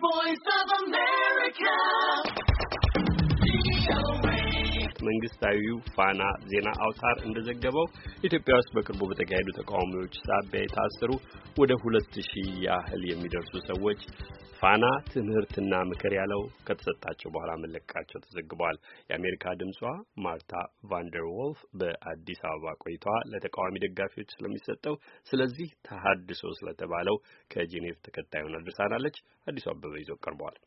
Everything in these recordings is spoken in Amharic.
voice of America. መንግስታዊው ፋና ዜና አውታር እንደዘገበው ኢትዮጵያ ውስጥ በቅርቡ በተካሄዱ ተቃዋሚዎች ሳቢያ የታሰሩ ወደ ሁለት ሺህ ያህል የሚደርሱ ሰዎች ፋና ትምህርትና ምክር ያለው ከተሰጣቸው በኋላ መለቀቃቸው ተዘግቧል። የአሜሪካ ድምጿ ማርታ ቫንደር ወልፍ በአዲስ አበባ ቆይታዋ ለተቃዋሚ ደጋፊዎች ስለሚሰጠው ስለዚህ ተሀድሶ ስለተባለው ከጄኔቭ ተከታዩን አድርሳናለች። አዲሱ አበበ ይዞ ቀርቧል።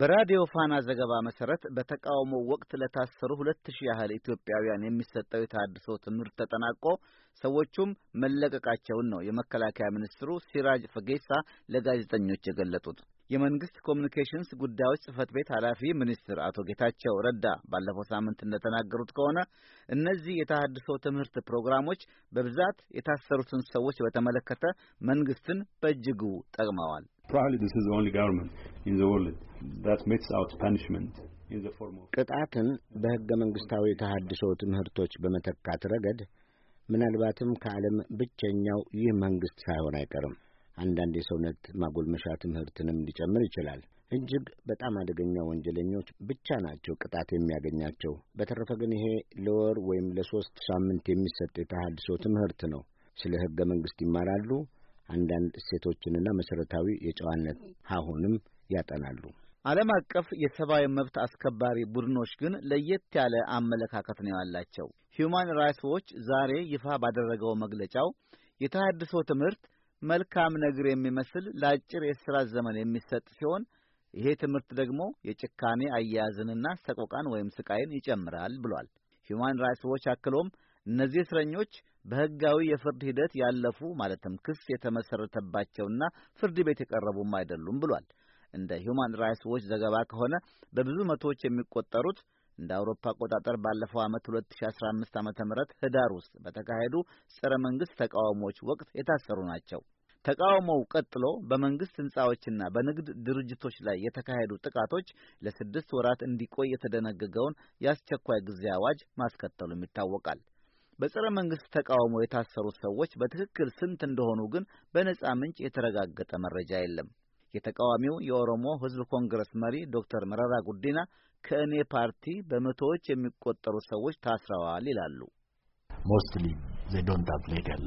በራዲዮ ፋና ዘገባ መሰረት በተቃውሞ ወቅት ለታሰሩ ሁለት ሺህ ያህል ኢትዮጵያውያን የሚሰጠው የታድሶ ትምህርት ተጠናቆ ሰዎቹም መለቀቃቸውን ነው የመከላከያ ሚኒስትሩ ሲራጅ ፈጌሳ ለጋዜጠኞች የገለጡት። የመንግስት ኮሚኒኬሽንስ ጉዳዮች ጽህፈት ቤት ኃላፊ ሚኒስትር አቶ ጌታቸው ረዳ ባለፈው ሳምንት እንደተናገሩት ከሆነ እነዚህ የተሃድሶ ትምህርት ፕሮግራሞች በብዛት የታሰሩትን ሰዎች በተመለከተ መንግስትን በእጅጉ ጠቅመዋል። ቅጣትን በሕገ መንግሥታዊ ተሃድሶ ትምህርቶች በመተካት ረገድ ምናልባትም ከዓለም ብቸኛው ይህ መንግሥት ሳይሆን አይቀርም። አንዳንድ የሰውነት ማጎልመሻ ትምህርትንም ሊጨምር ይችላል። እጅግ በጣም አደገኛ ወንጀለኞች ብቻ ናቸው ቅጣት የሚያገኛቸው። በተረፈ ግን ይሄ ለወር ወይም ለሶስት ሳምንት የሚሰጥ የተሃድሶ ትምህርት ነው። ስለ ሕገ መንግሥት ይማራሉ። አንዳንድ እሴቶችንና መሠረታዊ የጨዋነት ሀሁንም ያጠናሉ። ዓለም አቀፍ የሰብአዊ መብት አስከባሪ ቡድኖች ግን ለየት ያለ አመለካከት ነው ያላቸው። ሂዩማን ራይትስ ዎች ዛሬ ይፋ ባደረገው መግለጫው የተሃድሶ ትምህርት መልካም ነገር የሚመስል ለአጭር የሥራ ዘመን የሚሰጥ ሲሆን ይሄ ትምህርት ደግሞ የጭካኔ አያያዝንና ሰቆቃን ወይም ስቃይን ይጨምራል ብሏል። ሂዩማን ራይትስ ዎች አክሎም እነዚህ እስረኞች በሕጋዊ የፍርድ ሂደት ያለፉ ማለትም ክስ የተመሰረተባቸውና ፍርድ ቤት የቀረቡም አይደሉም ብሏል። እንደ ሂውማን ራይትስ ዎች ዘገባ ከሆነ በብዙ መቶዎች የሚቆጠሩት እንደ አውሮፓ አቆጣጠር ባለፈው ዓመት 2015 ዓ ም ህዳር ውስጥ በተካሄዱ ጸረ መንግሥት ተቃውሞዎች ወቅት የታሰሩ ናቸው። ተቃውሞው ቀጥሎ በመንግስት ህንጻዎችና በንግድ ድርጅቶች ላይ የተካሄዱ ጥቃቶች ለስድስት ወራት እንዲቆይ የተደነገገውን የአስቸኳይ ጊዜ አዋጅ ማስከተሉም ይታወቃል። በጸረ መንግስት ተቃውሞ የታሰሩት ሰዎች በትክክል ስንት እንደሆኑ ግን በነጻ ምንጭ የተረጋገጠ መረጃ የለም። የተቃዋሚው የኦሮሞ ህዝብ ኮንግረስ መሪ ዶክተር መረራ ጉዲና ከእኔ ፓርቲ በመቶዎች የሚቆጠሩ ሰዎች ታስረዋል ይላሉ። ሞስትሊ they ዶንት ሃቭ ሌጋል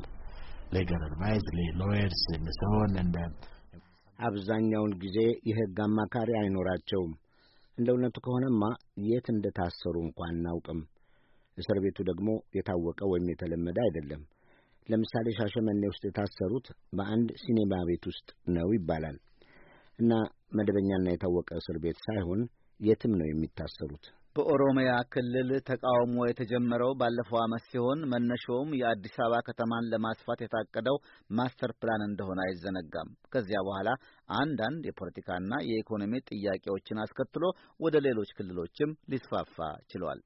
ሌጋል advice ሎየርስ and so uh, አብዛኛውን ጊዜ የህግ አማካሪ አይኖራቸውም። እንደ እውነቱ ከሆነማ የት እንደታሰሩ እንኳን አናውቅም። እስር ቤቱ ደግሞ የታወቀ ወይም የተለመደ አይደለም። ለምሳሌ ሻሸመኔ ውስጥ የታሰሩት በአንድ ሲኔማ ቤት ውስጥ ነው ይባላል። እና መደበኛና የታወቀ እስር ቤት ሳይሆን የትም ነው የሚታሰሩት። በኦሮሚያ ክልል ተቃውሞ የተጀመረው ባለፈው ዓመት ሲሆን መነሾውም የአዲስ አበባ ከተማን ለማስፋት የታቀደው ማስተር ፕላን እንደሆነ አይዘነጋም። ከዚያ በኋላ አንዳንድ የፖለቲካና የኢኮኖሚ ጥያቄዎችን አስከትሎ ወደ ሌሎች ክልሎችም ሊስፋፋ ችሏል።